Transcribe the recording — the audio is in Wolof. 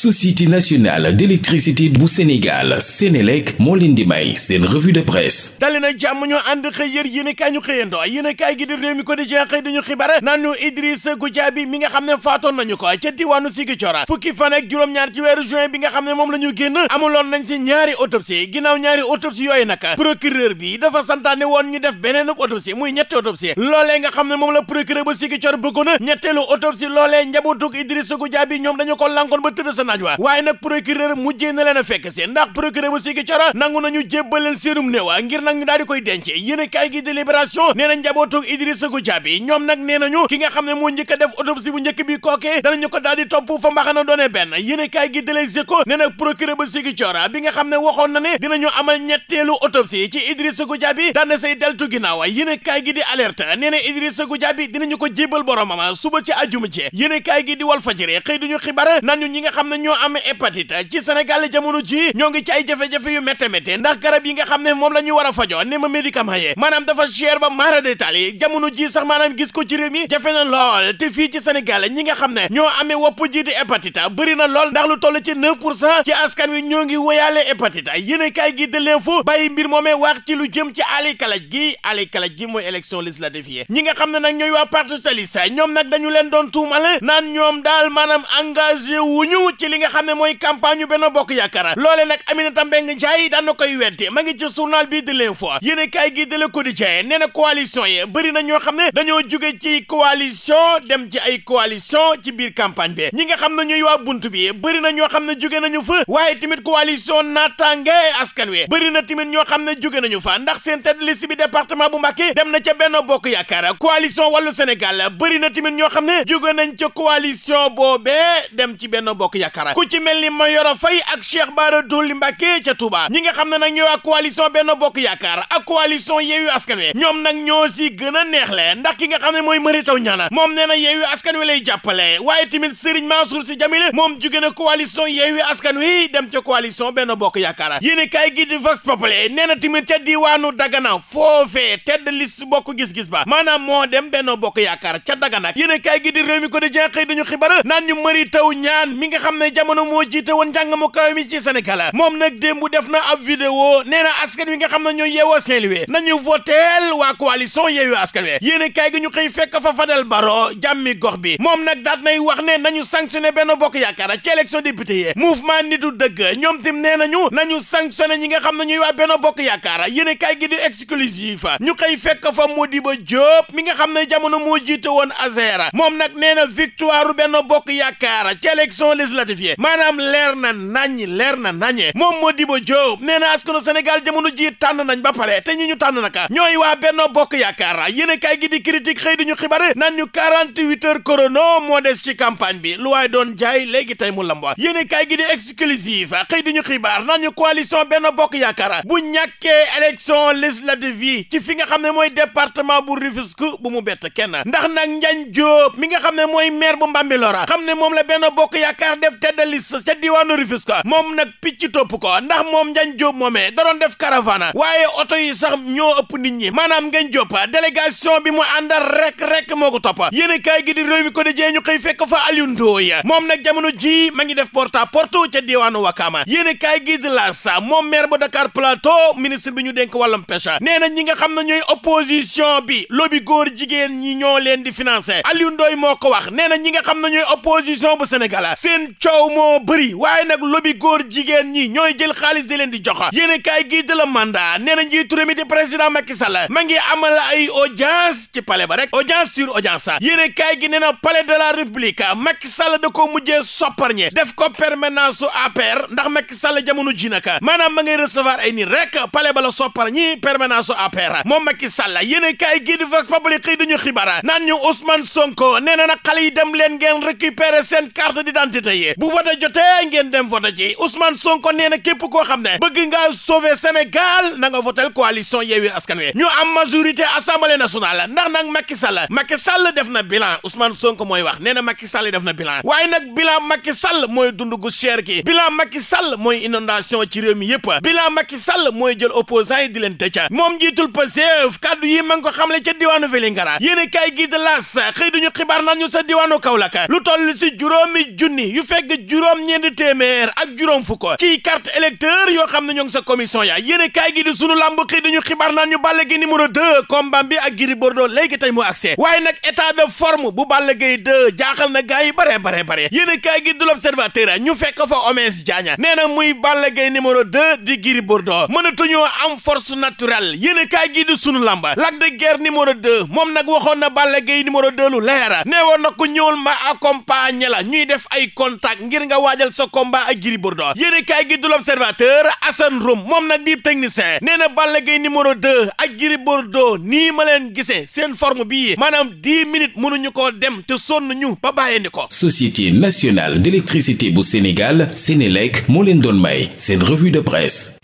société nationale d'électricité bu Sénégal Sénélec moo leen di may seen revue de presse dali jàmm ñu ànd xëy yër yéen ñu xëyandoo yéen a kaay gi di réew mi quotidien xëy dañu xibaar naan ñu Idriss Goudiaby ko ca diwaanu Ziguinchor fukki fan juróom-ñaar ci weeru juin bi nga xam ne moom la ñu génn amuloon nañ ci ñaari autopsie ginnaaw ñaari autopsie yooyu nag procureur bi dafa santaane woon ñu def beneen autopsie muy ñetti autopsie loolee nga xam ne wa waaye nag procureur mujjee na leen a fekk si ndax procureur bu sigi coro nangu nañu jébbal leen seenum néew ngir nag ñu daal koy denc yéen a kaay gi délibération nee na njabootu Idrissa Goudiaby ñoom nag nee nañu ki nga xam ne moo njëkk a def autopsie bu njëkk bi kookee danañu ko daal di fa mbaxana doone benn yéen a gi de Les Échos nee na procureur bu sigi coro bi nga xam ne waxoon na ne dinañu amal ñetteelu autopsie ci Idrissa Goudiaby daan ñoo am hépatite ci Sénégal jamono ji ñoo ngi ci ay jafe-jafe yu métte métte ndax garab yi nga xam ne moom la ñu war a fajo ni ma médicament yee maanaam dafa cher ba maara détail jamono ji sax maanaam gis ko ci réew mi jafe na lool te fii ci Sénégal ñi nga xam ne ñoo amee wopp ji di hépatite bëri na lool ndax lu toll ci 9 pour cent ci askan wi ñoo ngi woyaale hépatite yéen a kaay gi de l'info bàyyi mbir moomee wax ci lu jëm ci ali kalaj gi ali kalaj gi mooy ñi nga xam ne nag ñooy waa parti socialiste ñoom nag dañu leen doon tuumal naan ñoom daal maanaam li nga xam ne mooy campagne benn bokk yaakaar loole nag Aminata Mbengue Ndiaye daan na koy weddi ma ngi ci journal bi de l'info yéen kaay gi de Le Quotidien nee na coalition yi bëri na ñoo xam ne dañoo jóge ci coalition dem ci ay coalition ci biir campagne bi ñi nga xam ne ñuy waa bunt bi bëri na ñoo xam ne jóge nañu fa waaye tamit coalition naataange askan wi bëri na tamit ñoo xam ne jóge nañu fa ndax seen tête liste bi département bu Mbacké dem na ca benn bokk yaakaar coalition wàllu Sénégal bëri na tamit ñoo xam ne jóge nañ ca coalition boobee dem ci benn bokk yaakaar Dakar ku ci mel ni Mayoro Faye ak Cheikh Bara Dolly Mbacké ca Touba ñi nga xam ne nag ñoo ak coalition Benno Bokk Yaakaar ak coalition Yewwi Askan Wi ñoom nag ñoo si gën a neex le ndax ki nga xam ne mooy Mary Teuw Niane moom nee na Yewwi Askan Wi lay jàppale waaye tamit Serigne Mansour Sy Djamil moom jóge na coalition Yewwi Askan Wi dem ca coalition Benno Bokk Yaakaar yéen kay gi di Vox Populi nee na tamit ca diwaanu Dagana foofee tedd liste bokk gis-gis ba maanaam moo dem Benno Bokk Yaakaar ca Dagana yéen kay gi di Rewmi Quotidien xëy dañu xibaar naan ñu yooyee jamono moo jiite woon njàng mu kawe mi ci Sénégal moom nag démb def na ab vidéo nee na askan wi nga xam ne ñooy yeewoo Saint-Louis nañu voteel waa coalition yeewu askan wi yéen i kaay gi ñu xëy fekk fa Fadel Baro jàmmi gox bi moom nag daat nay wax ne nañu sanctionné benn bokk yaakaar ci élection député yi mouvement nitu dëgg ñoom tim nee nañu nañu sanctionné ñi nga xam ne ñuy waa benn bokk yaakaar yéen i kaay gi di exclusif ñu xëy fekk fa Modibo Diop mi nga xam ne jamono moo jiite woon Azer moom nag nee na victoire benn bokk yaakaar ci élection législative vérifier leer na nañ leer na nañe moom Modibo Diop nee na askanu Sénégal jamono ji tànn nañ ba pare te ñi ñu tànn naka ñooy waa Benno Bokk Yaakaar yéen a kaay gi di critique xëy diñu xibaar naan ñu 48 heures chrono moo des a kaay gi di exclusif xëy diñu xibaar naan ñu coalition Benno Bokk Yaakaar bu ñàkkee élection législative yi ci fi nga xam ne mooy département bu Rufisque bu mu bett kenn ndax nag Ndiagne Diop mi nga xam ne mooy maire bu Mbambilor xam ne moom la Benno Bokk Yaakaar def tête de liste ca diwaanu Rufisque moom nag picc topp ko ndax moom Ndiagne Diop moomee da def caravane waaye oto yi sax ñoo ëpp nit ñi maanaam Ndiagne Diop délégation bi mu àndal rek rek moo ko topp yéen kaay gi di réew mi ko di jee ñu xëy fekk fa Aliou Ndoye moom nag jamono ji ma ngi def porte à ca diwaanu wakaama yéen kaay gi di L'As moom maire bu Dakar Plateau ministre bi ñu dénk wàllum pêche nee na ñi nga xam ne ñooy opposition bi lobby góor jigéen ñi ñoo leen di financer Aliou Ndoye moo ko wax nee na ñi nga xam ne ñooy opposition bu Sénégal seen coow moo bëri waaye nag lobi góor jigéen ñi ñooy jël xaalis di leen di jox yéen kaay gii de la mandat nee na njiitu réew mi di président Macky Sall ma ngi amal ay audience ci palais ba rek audience sur audience yéen kaay gi nee na palais de la république Macky Sall da ko mujjee sopparñe def ko permanence su APR ndax Macky Sall jamono ji naka maanaam ma ngay recevoir ay nit rek palais ba la sopparñi permanence su APR moom Macky Sall yéen kaay gii di vox publique xëy dañu xibaar naan ñu Ousmane Sonko nee na nag yi dem leen ngeen récupérer seen carte d'identité yi bu vote jotee ngeen dem vote ji Ousmane Sonko nee na képp koo xam ne bëgg ngaa sauver Sénégal na nga votel coalition Yewwi Askan Wi ñu am majorité assemblée nationale ndax nag Macky Sall Macky Sall def na bilan Ousmane Sonko mooy wax nee na Macky Sall def na bilan waaye nag bilan Macky Sall mooy dund gu cher gi bilan Macky Sall mooy inondation ci mi yëpp bilan Macky Sall mooy jël opposants yi di leen tëcca moom njiitul Pastef kaddu yi ma ngi ko xamle ca diwaanu Vélingara yéen kay gi de las xëy duñu ñu sa diwaanu Kaolack lu toll si juróomi junni yu fekk yegg juróom-ñeenti téeméer ak juróom fukk ci carte électeur yoo xam ne ñoo ngi sa commission ya yéen kaay gi di sunu làmb xëy dañu xibaar naan ñu Balla Gaye numéro 2 combat bi ak Gris Bordeaux léegi tey mu accès waaye nag état de forme bu Balla Gaye 2 jaaxal na gars yi bare bare bare yéen kaay gi du l'observateur ñu fekk fa Omes Diagne nee na muy Balla Gaye numéro 2 di Gris Bordeaux mënatuñoo am force naturelle yéen kaay gi di sunu làmb Lac de Guiers numéro moom nag waxoon na Balla Gaye numéro 2 lu leer nee woon na ko la ñuy def ay ngir nga waajal sa combat ak Gris Bordeaux yéene kaay gi du l'observateur Assane Rom moom nag di technicien nee na Balla Gaye numéro 2 ak Gris Bordeaux nii ma leen gisee seen forme bii maanaam 10 minutes mënuñu koo dem te sonn ñu ba bàyyandi ko Société nationale d'électricité bu Sénégal Sénélec moo leen doon may seen revue de presse